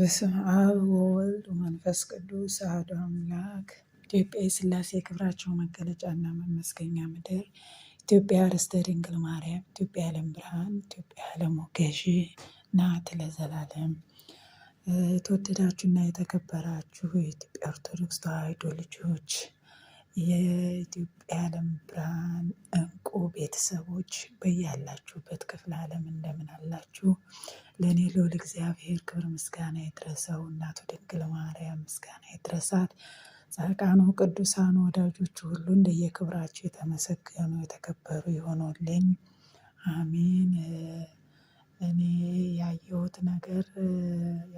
በስም አብ ወወልድ መንፈስ ቅዱስ አሐዱ አምላክ። ኢትዮጵያ የሥላሴ ክብራቸው መገለጫና መመስገኛ ምድር፣ ኢትዮጵያ ርስተ ድንግል ማርያም፣ ኢትዮጵያ የዓለም ብርሃን፣ ኢትዮጵያ የዓለም ገዢ ናት ለዘላለም። እና የተከበራችሁ የኢትዮጵያ ኦርቶዶክስ ተዋሕዶ ልጆች የኢትዮጵያ ዓለም ብርሃን እንቁ ቤተሰቦች በያላችሁበት ክፍለ ዓለም እንደምን አላችሁ? ለእኔ ልዑል እግዚአብሔር ክብር ምስጋና የድረሰው እናቱ ድንግል ማርያም ምስጋና ይድረሳት። ጻድቃኑ ቅዱሳኑ ወዳጆቹ ሁሉ እንደየክብራቸው የተመሰገኑ የተከበሩ ይሆኑልኝ። አሜን። እኔ ያየሁት ነገር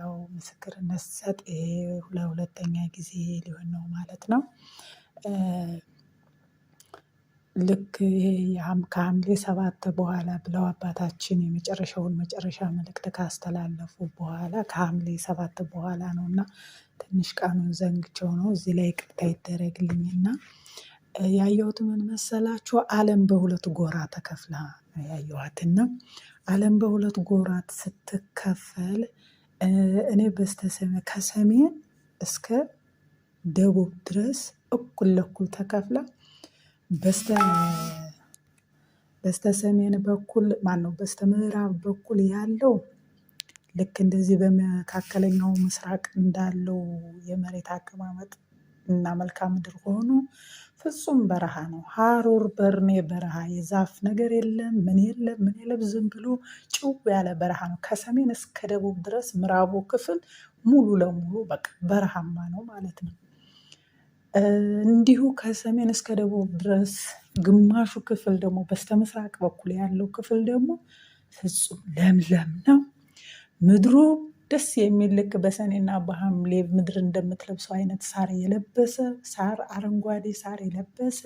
ያው ምስክርነት ሰጥ ለሁለተኛ ጊዜ ሊሆን ነው ማለት ነው። ልክ ይሄ ከሐምሌ ሰባት በኋላ ብለው አባታችን የመጨረሻውን መጨረሻ መልእክት ካስተላለፉ በኋላ ከሐምሌ ሰባት በኋላ ነው እና ትንሽ ቀኑን ዘንግቸው ነው። እዚህ ላይ ቅርታ ይደረግልኝ እና ያየሁት ምን መሰላችሁ? ዓለም በሁለት ጎራ ተከፍላ ያየኋትና ዓለም በሁለት ጎራት ስትከፈል እኔ በስተሰሜን ከሰሜን እስከ ደቡብ ድረስ እኩል ለኩል ተከፍላ በስተ በስተ ሰሜን በኩል ማን ነው በስተ ምዕራብ በኩል ያለው ልክ እንደዚህ በመካከለኛው ምስራቅ እንዳለው የመሬት አቀማመጥ እና መልክዓ ምድር ሆኖ ፍጹም በረሃ ነው። ሀሩር በርኔ በረሃ የዛፍ ነገር የለም፣ ምን የለም፣ ምን የለም። ዝም ብሎ ጭው ያለ በረሃ ነው። ከሰሜን እስከ ደቡብ ድረስ ምዕራቡ ክፍል ሙሉ ለሙሉ በቃ በረሃማ ነው ማለት ነው። እንዲሁ ከሰሜን እስከ ደቡብ ድረስ ግማሹ ክፍል ደግሞ በስተምስራቅ በኩል ያለው ክፍል ደግሞ ፍጹም ለምለም ነው። ምድሩ ደስ የሚል ልክ በሰኔና በሐምሌ ምድር እንደምትለብሰው አይነት ሳር የለበሰ ሳር አረንጓዴ ሳር የለበሰ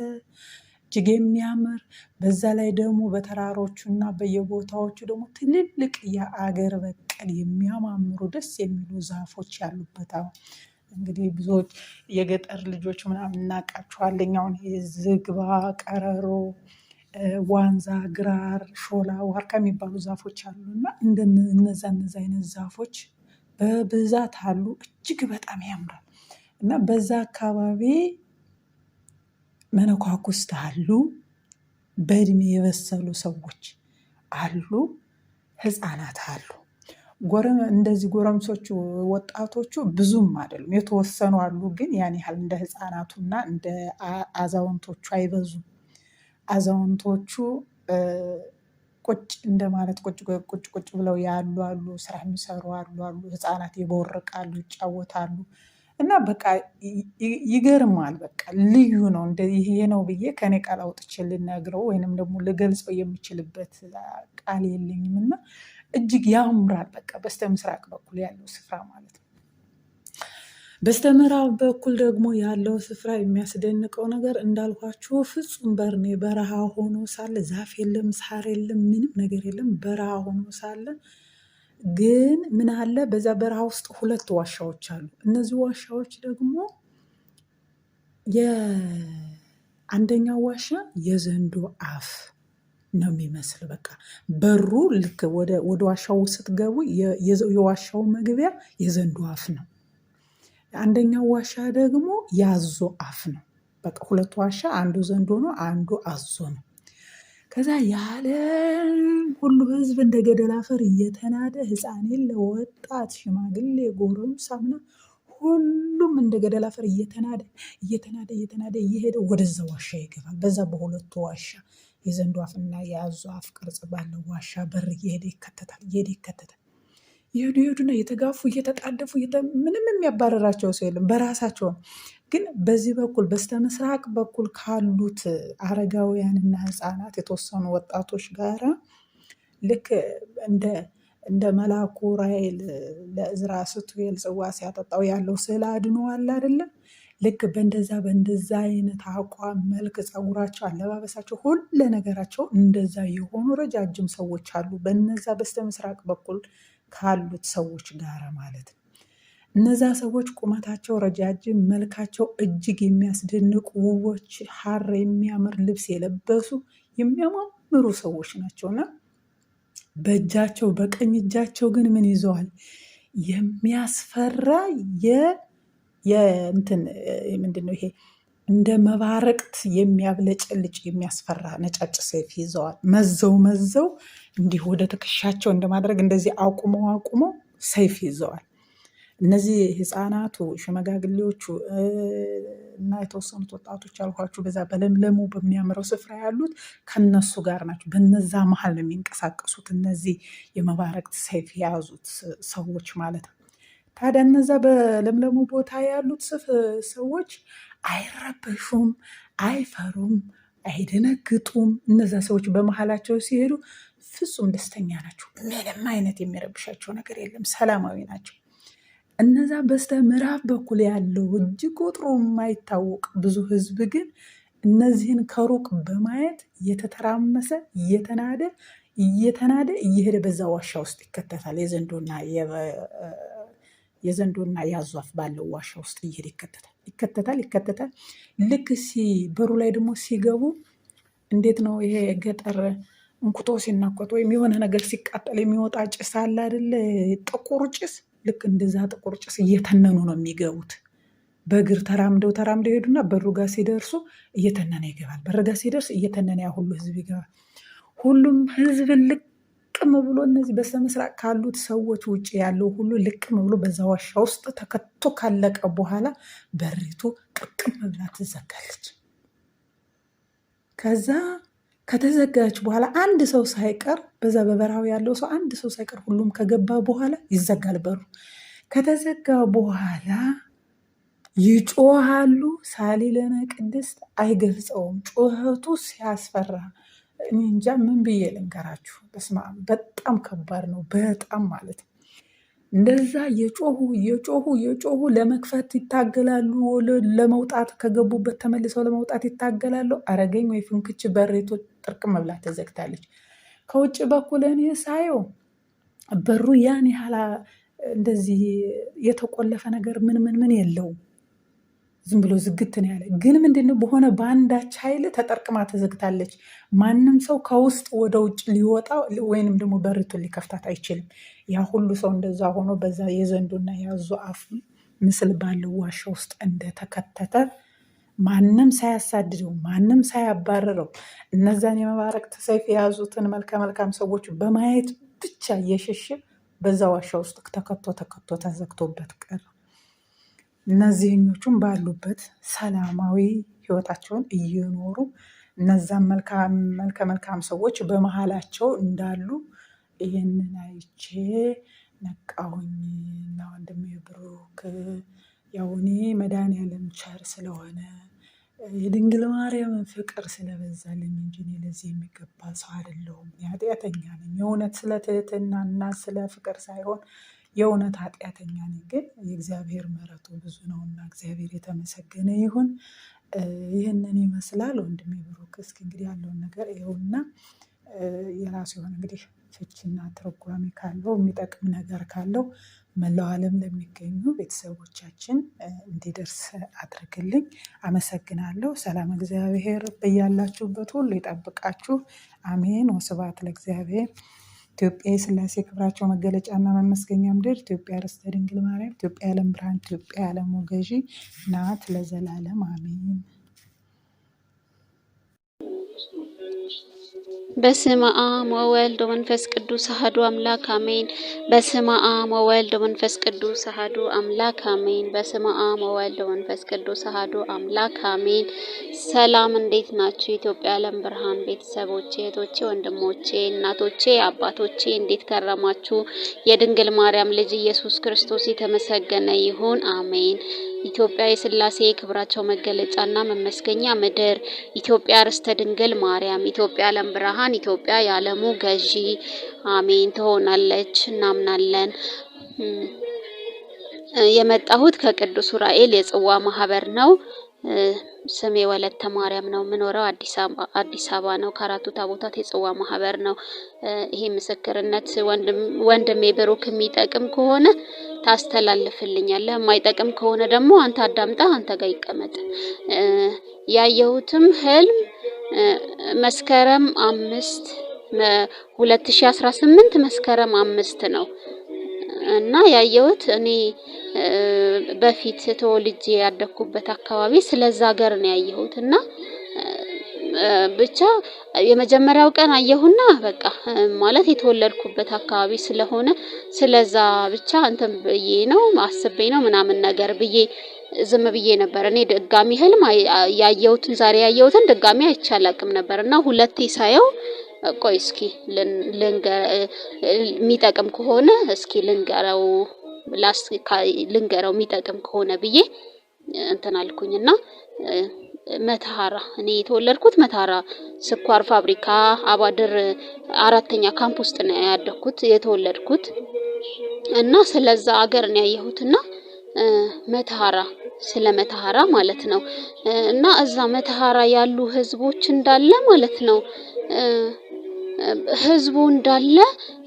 እጅግ የሚያምር በዛ ላይ ደግሞ በተራሮቹ እና በየቦታዎቹ ደግሞ ትልልቅ የአገር በቀል የሚያማምሩ ደስ የሚሉ ዛፎች ያሉበት እንግዲህ ብዙዎች የገጠር ልጆች ምናምን እናውቃቸዋለን። አሁን ዝግባ፣ ቀረሮ፣ ዋንዛ፣ ግራር፣ ሾላ፣ ዋርካ የሚባሉ ዛፎች አሉ እና እነዛ እነዛ አይነት ዛፎች በብዛት አሉ። እጅግ በጣም ያምራል እና በዛ አካባቢ መነኳኩስት አሉ፣ በእድሜ የበሰሉ ሰዎች አሉ፣ ህፃናት አሉ። እንደዚህ ጎረምሶቹ ወጣቶቹ ብዙም አይደሉም፣ የተወሰኑ አሉ። ግን ያን ያህል እንደ ህፃናቱና እንደ አዛውንቶቹ አይበዙም። አዛውንቶቹ ቁጭ እንደማለት ቁጭ ቁጭ ቁጭ ብለው ያሉ አሉ፣ ስራ የሚሰሩ አሉ አሉ። ህፃናት ይቦርቃሉ፣ ይጫወታሉ። እና በቃ ይገርማል። በቃ ልዩ ነው። ይሄ ነው ብዬ ከኔ ቃል አውጥቼ ልነግረው ወይንም ደግሞ ልገልጸው የምችልበት ቃል የለኝም እና እጅግ ያምራል። በቃ በስተ ምስራቅ በኩል ያለው ስፍራ ማለት ነው። በስተ ምዕራብ በኩል ደግሞ ያለው ስፍራ የሚያስደንቀው ነገር እንዳልኳችሁ ፍጹም በርኔ በረሃ ሆኖ ሳለ ዛፍ የለም፣ ሳር የለም፣ ምንም ነገር የለም። በረሃ ሆኖ ሳለ ግን ምን አለ? በዛ በረሃ ውስጥ ሁለት ዋሻዎች አሉ። እነዚህ ዋሻዎች ደግሞ የአንደኛው ዋሻ የዘንዶ አፍ ነው የሚመስል። በቃ በሩ ልክ ወደ ዋሻው ስትገቡ የዋሻው መግቢያ የዘንዱ አፍ ነው። አንደኛው ዋሻ ደግሞ ያዞ አፍ ነው። በቃ ሁለቱ ዋሻ አንዱ ዘንዶ ነው፣ አንዱ አዞ ነው። ከዛ የዓለም ሁሉ ህዝብ እንደ ገደል አፈር እየተናደ ህፃን የለ ወጣት፣ ሽማግሌ፣ ጎረምሳ ምናምን ሁሉም እንደ ገደል አፈር እየተናደ እየተናደ እየተናደ እየሄደ ወደዛ ዋሻ ይገባል። በዛ በሁለቱ ዋሻ የዘንዶ አፍና የአዞ አፍ ቅርጽ ባለው ዋሻ በር እየሄደ ይከተታል እየሄደ ይከተታል። ይሄዱ ይሄዱና እየተጋፉ እየተጣደፉ ምንም የሚያባረራቸው ሰው የለም። በራሳቸው ግን በዚህ በኩል በስተ ምስራቅ በኩል ካሉት አረጋውያንና ህፃናት የተወሰኑ ወጣቶች ጋር ልክ እንደ እንደ መላኩ ራይል ለእዝራ ስትዌል ጽዋ ሲያጠጣው ያለው ስዕል አድኖ አለ አይደለም ልክ በእንደዛ በእንደዛ አይነት አቋም፣ መልክ፣ ፀጉራቸው፣ አለባበሳቸው፣ ሁለ ነገራቸው እንደዛ የሆኑ ረጃጅም ሰዎች አሉ። በነዛ በስተ ምስራቅ በኩል ካሉት ሰዎች ጋር ማለት ነው። እነዛ ሰዎች ቁመታቸው ረጃጅም፣ መልካቸው እጅግ የሚያስደንቅ ውቦች፣ ሀር የሚያምር ልብስ የለበሱ የሚያማምሩ ሰዎች ናቸውና በእጃቸው በቀኝ እጃቸው ግን ምን ይዘዋል? የሚያስፈራ የእንትን ምንድን ነው ይሄ እንደ መባረቅት የሚያብለጨልጭ የሚያስፈራ ነጫጭ ሰይፍ ይዘዋል። መዘው መዘው እንዲህ ወደ ትከሻቸው እንደማድረግ እንደዚህ አቁመው አቁመው ሰይፍ ይዘዋል። እነዚህ ህፃናቱ፣ ሽመጋግሌዎቹ እና የተወሰኑት ወጣቶች ያልኳችሁ በዛ በለምለሙ በሚያምረው ስፍራ ያሉት ከነሱ ጋር ናቸው። በነዛ መሀል ነው የሚንቀሳቀሱት እነዚህ የመባረቅት ሰይፍ የያዙት ሰዎች ማለት ነው። ታዲያ እነዛ በለምለሙ ቦታ ያሉት ስፍ ሰዎች አይረበሹም፣ አይፈሩም፣ አይደነግጡም። እነዛ ሰዎች በመሀላቸው ሲሄዱ ፍጹም ደስተኛ ናቸው። ምንም አይነት የሚረብሻቸው ነገር የለም። ሰላማዊ ናቸው። እነዛ በስተ ምዕራብ በኩል ያለው እጅግ ቁጥሩ የማይታወቅ ብዙ ህዝብ ግን እነዚህን ከሩቅ በማየት እየተተራመሰ እየተናደ እየተናደ እየሄደ በዛ ዋሻ ውስጥ ይከተታል የዘንዶና የዘንዶና የአዞ ባለው ዋሻ ውስጥ እየሄደ ይከተታል ይከተታል ይከተታል። ልክ ሲ በሩ ላይ ደግሞ ሲገቡ እንዴት ነው ይሄ ገጠር እንኩቶ ሲናኮት ወይም የሆነ ነገር ሲቃጠል የሚወጣ ጭስ አለ አይደለ? ጥቁር ጭስ። ልክ እንደዛ ጥቁር ጭስ እየተነኑ ነው የሚገቡት። በእግር ተራምደው ተራምደው ሄዱና በሩ ጋር ሲደርሱ እየተነነ ይገባል። በር ጋር ሲደርስ እየተነነ ያ ሁሉ ህዝብ ይገባል። ሁሉም ህዝብ ልክ ልቅም ብሎ እነዚህ በስተምስራቅ ካሉት ሰዎች ውጭ ያለው ሁሉ ልቅም ብሎ በዛ ዋሻ ውስጥ ተከቶ ካለቀ በኋላ በሪቱ ጥቅም ብላ ትዘጋለች። ከዛ ከተዘጋች በኋላ አንድ ሰው ሳይቀር በዛ በበረሃው ያለው ሰው አንድ ሰው ሳይቀር ሁሉም ከገባ በኋላ ይዘጋል በሩ። ከተዘጋ በኋላ ይጮሃሉ። ሳሊ ለነ ቅድስት አይገልጸውም። ጩኸቱ ሲያስፈራ እኔ እንጃ ምን ብዬ ልንገራችሁ። በስመ አብ በጣም ከባድ ነው። በጣም ማለት እንደዛ የጮሁ የጮሁ የጮሁ ለመክፈት ይታገላሉ። ለመውጣት ከገቡበት ተመልሰው ለመውጣት ይታገላሉ። አረገኝ ወይ ፍንክች በሬቶ ጥርቅም መብላት ተዘግታለች። ከውጭ በኩል እኔ ሳየው በሩ ያን ያህል እንደዚህ የተቆለፈ ነገር ምን ምን ምን የለውም። ዝም ብሎ ዝግት ነው ያለ። ግን ምንድነው በሆነ በአንዳች ኃይል ተጠርቅማ ተዘግታለች። ማንም ሰው ከውስጥ ወደ ውጭ ሊወጣ ወይንም ደግሞ በርቱን ሊከፍታት አይችልም። ያ ሁሉ ሰው እንደዛ ሆኖ በዛ የዘንዱና የአዞ አፍ ምስል ባለው ዋሻ ውስጥ እንደተከተተ ማንም ሳያሳድደው ማንም ሳያባረረው እነዛን የመባረቅ ሰይፍ የያዙትን መልከ መልካም ሰዎች በማየት ብቻ እየሸሸ በዛ ዋሻ ውስጥ ተከቶ ተከቶ ተዘግቶበት ቀረ። እነዚህኞቹም ባሉበት ሰላማዊ ህይወታቸውን እየኖሩ እነዛን መልከ መልካም ሰዎች በመሀላቸው እንዳሉ ይህንን አይቼ ነቃሁኝ። እና ወንድሜ ብሩክ ያው እኔ መድኃኒዓለም ቸር ስለሆነ የድንግል ማርያምን ፍቅር ስለበዛልኝ እንጂ እኔ ለዚህ የሚገባ ሰው አይደለሁም። ኃጢአተኛ ነኝ። የእውነት ስለ ስለ ፍቅር ሳይሆን የእውነት ኃጢአተኛ ነኝ፣ ግን የእግዚአብሔር ምሕረቱ ብዙ እና እግዚአብሔር የተመሰገነ ይሁን። ይህንን ይመስላል ወንድሜ ብሩክ። እስኪ እንግዲህ ያለውን ነገር ይኸውና የራሱ የሆነ እንግዲህ ፍቺና ትርጓሜ ካለው የሚጠቅም ነገር ካለው መላው ዓለም ለሚገኙ ቤተሰቦቻችን እንዲደርስ አድርግልኝ። አመሰግናለሁ። ሰላም እግዚአብሔር በያላችሁበት ሁሉ ይጠብቃችሁ። አሜን። ወስብሐት ለእግዚአብሔር። ኢትዮጵያ የስላሴ ክብራቸው መገለጫና መመስገኛ ምድር፣ ኢትዮጵያ ርስተ ድንግል ማርያም፣ ኢትዮጵያ የዓለም ብርሃን፣ ኢትዮጵያ የዓለም ገዢ ናት ለዘላለም አሜን። በስመ አብ ወወልድ ወመንፈስ ቅዱስ አሐዱ አምላክ አሜን። በስመ አብ ወወልድ ወመንፈስ ቅዱስ አሐዱ አምላክ አሜን። በስመ አብ ወወልድ ወመንፈስ ቅዱስ አሐዱ አምላክ አሜን። ሰላም እንዴት ናችሁ? ኢትዮጵያ ዓለም ብርሃን ቤተሰቦቼ፣ እህቶቼ፣ ወንድሞቼ፣ እናቶቼ፣ አባቶቼ እንዴት ከረማችሁ? የድንግል ማርያም ልጅ ኢየሱስ ክርስቶስ የተመሰገነ ይሁን አሜን። ኢትዮጵያ የስላሴ የክብራቸው መገለጫና መመስገኛ ምድር፣ ኢትዮጵያ ርስተ ድንግል ማርያም፣ ኢትዮጵያ የዓለም ብርሃን፣ ኢትዮጵያ የዓለሙ ገዢ አሜን ትሆናለች፣ እናምናለን። የመጣሁት ከቅዱስ ዑራኤል የጽዋ ማህበር ነው። ስሜ ወለተ ማርያም ነው። የምኖረው አዲስ አበባ ነው። ከአራቱ ታቦታት የጽዋ ማህበር ነው። ይሄ ምስክርነት ወንድሜ ብሩክ የሚጠቅም ከሆነ ታስተላልፍልኛለህ፣ የማይጠቅም ከሆነ ደግሞ አንተ አዳምጣ፣ አንተ ጋር ይቀመጥ። ያየሁትም ህልም መስከረም አምስት 2018 መስከረም አምስት ነው እና ያየሁት እኔ በፊት ተወልጄ ያደግኩበት አካባቢ ስለዛ ሀገር ነው ያየሁት እና ብቻ የመጀመሪያው ቀን አየሁና በቃ ማለት የተወለድኩበት አካባቢ ስለሆነ ስለዛ ብቻ እንትን ብዬ ነው አስቤ ነው ምናምን ነገር ብዬ ዝም ብዬ ነበር። እኔ ድጋሚ ህልም ያየሁትን ዛሬ ያየሁትን ድጋሚ አይቼ አላቅም ነበር እና ሁለቴ ሳየው ቆይ እስኪ የሚጠቅም ከሆነ እስኪ ልንገረው ላስ ልንገረው የሚጠቅም ከሆነ ብዬ እንትን አልኩኝና መተሃራ እኔ የተወለድኩት መተሃራ ስኳር ፋብሪካ አባድር አራተኛ ካምፕ ውስጥ ነው ያደግኩት የተወለድኩት እና ስለዛ አገር ነው ያየሁትና መተሃራ ስለ መተሃራ ማለት ነው እና እዛ መተሃራ ያሉ ህዝቦች እንዳለ ማለት ነው ህዝቡ እንዳለ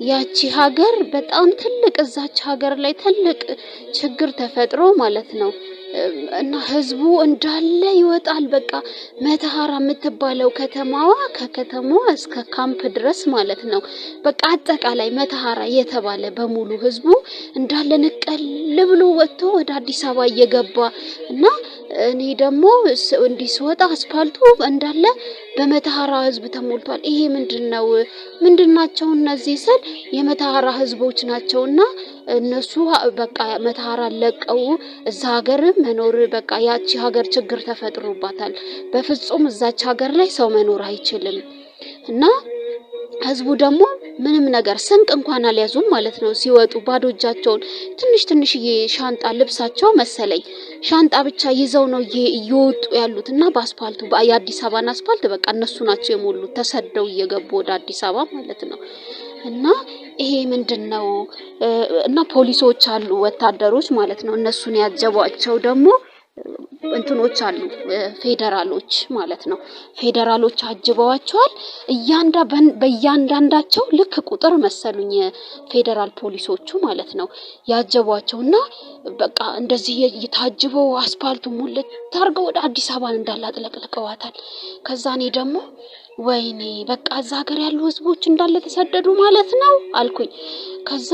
ያቺ ሀገር በጣም ትልቅ እዛች ሀገር ላይ ትልቅ ችግር ተፈጥሮ ማለት ነው እና ህዝቡ እንዳለ ይወጣል። በቃ መተሃራ የምትባለው ከተማዋ ከከተማዋ እስከ ካምፕ ድረስ ማለት ነው። በቃ አጠቃላይ መተሃራ የተባለ በሙሉ ህዝቡ እንዳለ ንቀል ብሎ ወጥቶ ወደ አዲስ አበባ እየገባ እና እኔ ደግሞ እንዲህ ስወጣ አስፓልቱ እንዳለ በመተሐራ ህዝብ ተሞልቷል። ይሄ ምንድን ነው? ምንድን ናቸው እነዚህ ስል የመተሐራ ህዝቦች ናቸውና እነሱ በቃ መተሐራ ለቀው እዛ ሀገር መኖር በቃ ያቺ ሀገር ችግር ተፈጥሮባታል። በፍጹም እዛች ሀገር ላይ ሰው መኖር አይችልም እና ህዝቡ ደግሞ ምንም ነገር ስንቅ እንኳን አልያዙም ማለት ነው። ሲወጡ ባዶ እጃቸውን ትንሽ ትንሽዬ ሻንጣ ልብሳቸው መሰለኝ ሻንጣ ብቻ ይዘው ነው እየወጡ ያሉት እና በአስፓልቱ የአዲስ አበባን አስፓልት በቃ እነሱ ናቸው የሞሉት ተሰደው እየገቡ ወደ አዲስ አበባ ማለት ነው። እና ይሄ ምንድን ነው? እና ፖሊሶች አሉ ወታደሮች ማለት ነው። እነሱን ያጀቧቸው ደግሞ እንትኖች አሉ ፌደራሎች ማለት ነው። ፌደራሎች አጅበዋቸዋል። እያንዳ በእያንዳንዳቸው ልክ ቁጥር መሰሉኝ ፌዴራል ፖሊሶቹ ማለት ነው ያጀቧቸው እና በቃ እንደዚህ የታጅበው አስፓልቱ ሙልት ታርገው ወደ አዲስ አበባ እንዳላጥለቅልቀዋታል። ከዛ እኔ ደግሞ ወይኔ በቃ እዛ ሀገር ያሉ ህዝቦች እንዳለ ተሰደዱ ማለት ነው አልኩኝ። ከዛ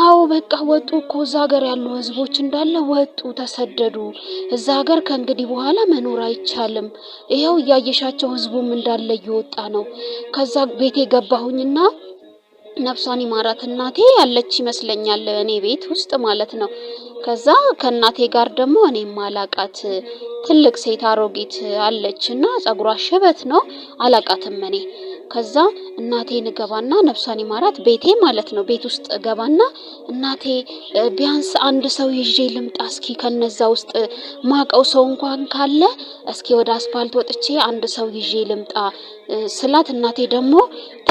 አዎ በቃ ወጡ እኮ እዛ ሀገር ያሉ ህዝቦች እንዳለ ወጡ፣ ተሰደዱ። እዛ ሀገር ከእንግዲህ በኋላ መኖር አይቻልም። ይኸው እያየሻቸው ህዝቡም እንዳለ እየወጣ ነው። ከዛ ቤቴ ገባሁኝና ነፍሷን ይማራት እናቴ ያለች ይመስለኛል እኔ ቤት ውስጥ ማለት ነው። ከዛ ከእናቴ ጋር ደግሞ እኔ ማላቃት ትልቅ ሴት አሮጊት አለች እና ጸጉሯ ሽበት ነው አላቃትም እኔ። ከዛ እናቴን ገባና ነፍሷን ይማራት ቤቴ ማለት ነው። ቤት ውስጥ ገባና እናቴ ቢያንስ አንድ ሰው ይዤ ልምጣ እስኪ ከነዛ ውስጥ ማቀው ሰው እንኳን ካለ እስኪ ወደ አስፓልት ወጥቼ አንድ ሰው ይዤ ልምጣ ስላት እናቴ ደግሞ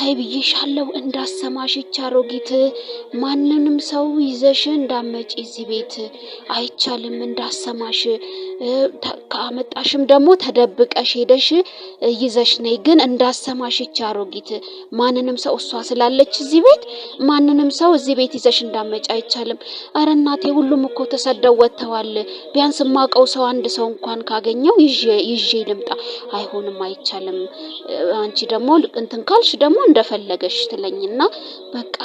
አይ ብዬሻለሁ እንዳሰማሽ አሮጊት ማንንም ሰው ይዘሽ እንዳመጪ እዚህ ቤት አይቻልም። እንዳሰማሽ ካመጣሽም ደግሞ ተደብቀሽ ሄደሽ ይዘሽ ነይ። ግን እንዳሰማሽ አሮጊት ማንንም ሰው እሷ ስላለች እዚህ ቤት ማንንም ሰው እዚህ ቤት ይዘሽ እንዳመጪ አይቻልም። አረ እናቴ ሁሉም እኮ ተሰደው ወጥተዋል። ቢያንስ ማቀው ሰው አንድ ሰው እንኳን ካገኘው ይዤ ልምጣ። አይሆንም፣ አይቻልም። አንቺ ደግሞ እንትን ካልሽ ደግሞ እንደፈለገሽ ትለኝና በቃ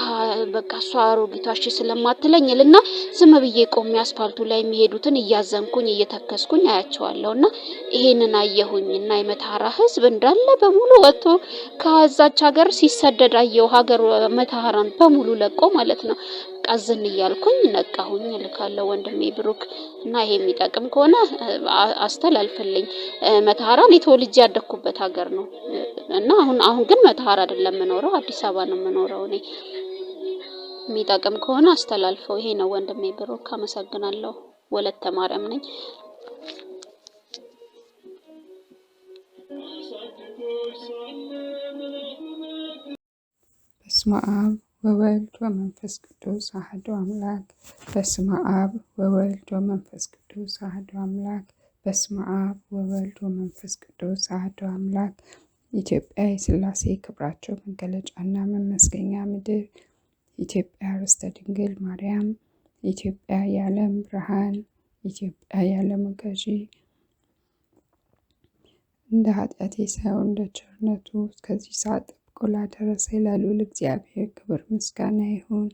በቃ እሷ አሮጊቷ ስለማትለኝ ልና ዝም ብዬ ቆሜ አስፋልቱ ላይ የሚሄዱትን እያዘንኩኝ እየተከስኩኝ አያቸዋለሁና ይሄንን አየሁኝና የመተሃራ ህዝብ እንዳለ በሙሉ ወጥቶ ከዛች ሀገር ሲሰደድ አየሁ። ሀገር መተሃራን በሙሉ ለቆ ማለት ነው። ቀዝን እያልኩኝ ነቃሁኝ እልካለሁ ወንድሜ ብሩክ እና ይሄ የሚጠቅም ከሆነ አስተላልፍልኝ። መተሃራ እኔ ተወልጄ ያደግኩበት ሀገር ነው እና አሁን አሁን ግን መተሃራ አይደለም የምኖረው አዲስ አበባ ነው የምኖረው እኔ። የሚጠቅም ከሆነ አስተላልፈው። ይሄ ነው ወንድሜ ብሩክ። አመሰግናለሁ። ወለተ ማርያም ነኝ። በስመ አብ ወወልድ ወመንፈስ ቅዱስ አህዶ አምላክ በስመ አብ ወወልድ ወመንፈስ ቅዱስ አህዶ አምላክ በስመ አብ ወወልድ ወመንፈስ ቅዱስ አህዶ አምላክ። ኢትዮጵያ የስላሴ ክብራቸው መገለጫና መመስገኛ ምድር፣ ኢትዮጵያ ርስተ ድንግል ማርያም፣ ኢትዮጵያ የዓለም ብርሃን፣ ኢትዮጵያ የዓለም ገዢ እንደ ኃጢአቴ ሳይሆን እንደ ቸርነቱ እስከዚህ ሰዓት ደረሰ ለልዑል እግዚአብሔር ክብር ምስጋና ይሁን።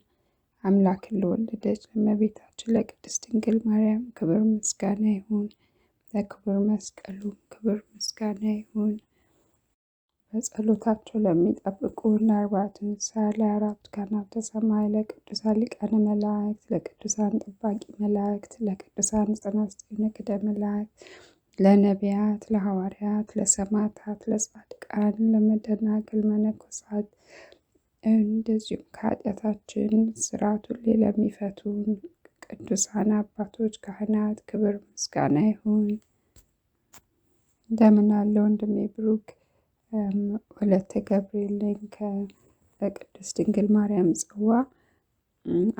አምላክን ለወለደች ለእመቤታችን ለቅድስት ድንግል ማርያም ክብር ምስጋና ይሁን። ለክብር መስቀሉም ክብር ምስጋና ይሁን። በጸሎታቸው ለሚጠብቁን አርባዕቱ እንስሳ፣ ለአራቱ ካህናተ ሰማይ፣ ለቅዱሳን ሊቃነ መላእክት፣ ለቅዱሳን ጠባቂ መላእክት፣ ለቅዱሳን ጽናጽ ቅዱሳን መላእክት ለነቢያት፣ ለሐዋርያት፣ ለሰማዕታት፣ ለጻድቃን፣ ለመደናግል መነኮሳት እንደዚሁም ከኃጢአታችን ስርዓት ሁሌ ለሚፈቱን ቅዱሳን አባቶች ካህናት ክብር ምስጋና ይሁን። እንደምን አለ ወንድሜ ብሩክ። ወለተ ገብርኤል ከቅድስት ድንግል ማርያም ጽዋ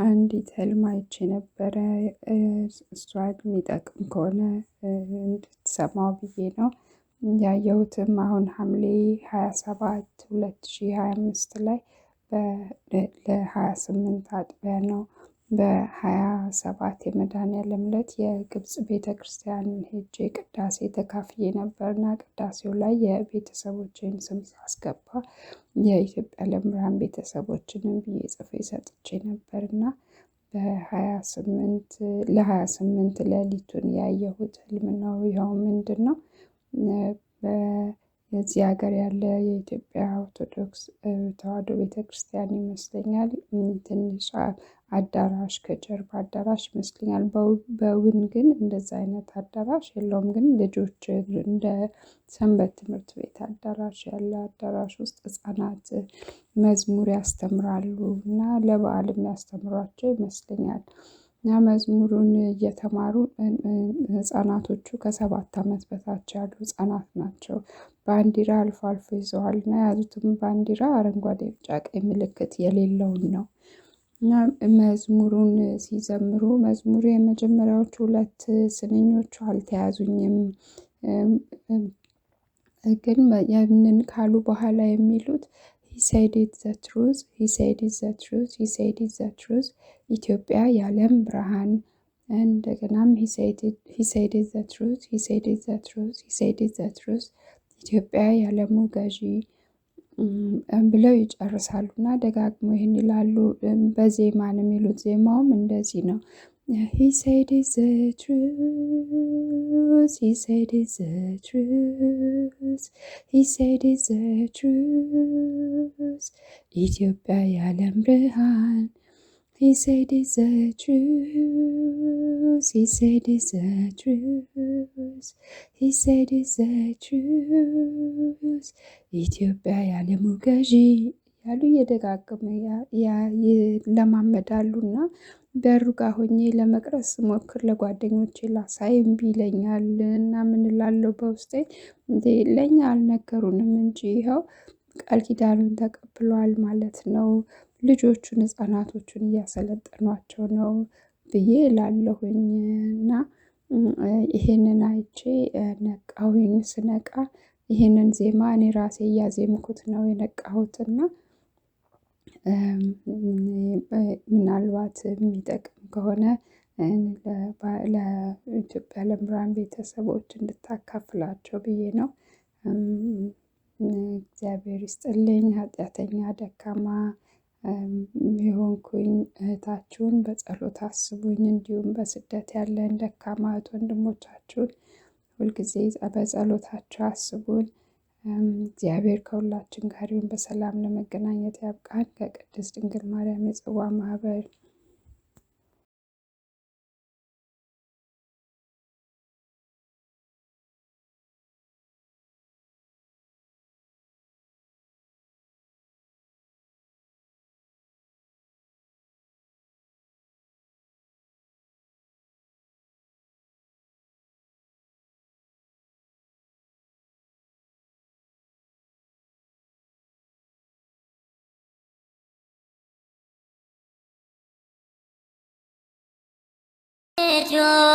አንዲት ህልም አይቼ ነበረ። እሷ የሚጠቅም ከሆነ እንድትሰማው ብዬ ነው ያየሁትም። አሁን ሐምሌ 27 2025 ላይ ለ28 አጥቢያ ነው በሃያ ሰባት የመድኃኔዓለም ዕለት የግብፅ ቤተ ክርስቲያን ሄጄ ቅዳሴ ተካፍዬ ነበርና ቅዳሴው ላይ የቤተሰቦችን ስም ሳስገባ የኢትዮጵያ ለምራን ቤተሰቦችንም ብዬ ጽፌ ሰጥቼ ነበርና በ28 ለ28 ሌሊቱን ያየሁት ህልም ነው። ይኸው ምንድን ነው? በዚህ ሀገር ያለ የኢትዮጵያ ኦርቶዶክስ ተዋሕዶ ክርስቲያን ይመስለኛል ትንሽ አዳራሽ ከጀርባ አዳራሽ ይመስለኛል በውን ግን እንደዛ አይነት አዳራሽ የለውም። ግን ልጆች እንደ ሰንበት ትምህርት ቤት አዳራሽ ያለ አዳራሽ ውስጥ ህፃናት መዝሙር ያስተምራሉ እና ለበዓልም ያስተምሯቸው ይመስለኛል። እና መዝሙሩን እየተማሩ ህፃናቶቹ ከሰባት አመት በታች ያሉ ህፃናት ናቸው። ባንዲራ አልፎ አልፎ ይዘዋል እና የያዙትም ባንዲራ አረንጓዴ ቢጫ ቀይ ምልክት የሌለውን ነው እና መዝሙሩን ሲዘምሩ መዝሙሩ የመጀመሪያዎቹ ሁለት ስንኞቹ አልተያዙኝም። ግን ያንን ካሉ በኋላ የሚሉት ሂ ሰይድ ኢዝ ዘ ትሩዝ ሂ ዘ ትሩዝ ሂ ዘ ትሩዝ ኢትዮጵያ የዓለም ብርሃን እንደገናም ሂ ሰይድ ኢዝ ዘ ትሩዝ ሂ ዘ ትሩዝ ሂ ዘ ትሩዝ ኢትዮጵያ የዓለሙ ገዢ ብለው ይጨርሳሉ እና ደጋግሞ ይህን ይላሉ። በዜማ ነው የሚሉት። ዜማውም እንደዚህ ነው። He said is ኢትዮጵያ የዓለም ብርሃን He said it's the truth. He said it's the truth. He said it's the truth. ኢትዮጵያ ያለሙ ገዢ ያሉ እየደጋገመ ለማመዳሉና በሩ ጋር ሆኜ ለመቅረጽ ስሞክር ለጓደኞቼ ላሳይ እምቢ እና ምን በውስጤ እንዴ ለእኛ አልነገሩንም እንጂ ይኸው ቃል ኪዳኑን ተቀብሏል ማለት ነው። ልጆቹን ህጻናቶቹን እያሰለጠኗቸው ነው ብዬ ላለሁኝ እና ይሄንን አይቼ ነቃሁኝ። ስነቃ ይሄንን ዜማ እኔ ራሴ እያዜምኩት ነው የነቃሁትና ምናልባት የሚጠቅም ከሆነ ለኢትዮጵያ ለምራን ቤተሰቦች እንድታካፍላቸው ብዬ ነው። እግዚአብሔር ይስጥልኝ ኃጢአተኛ ደካማ የሆንኩኝ እህታችሁን በጸሎት አስቡኝ። እንዲሁም በስደት ያለን ደካማ እህት ወንድሞቻችሁን ሁልጊዜ በጸሎታችሁ አስቡን። እግዚአብሔር ከሁላችን ጋር ይሁን። በሰላም ለመገናኘት ያብቃን። ከቅድስት ድንግል ማርያም የጽዋ ማህበር syukur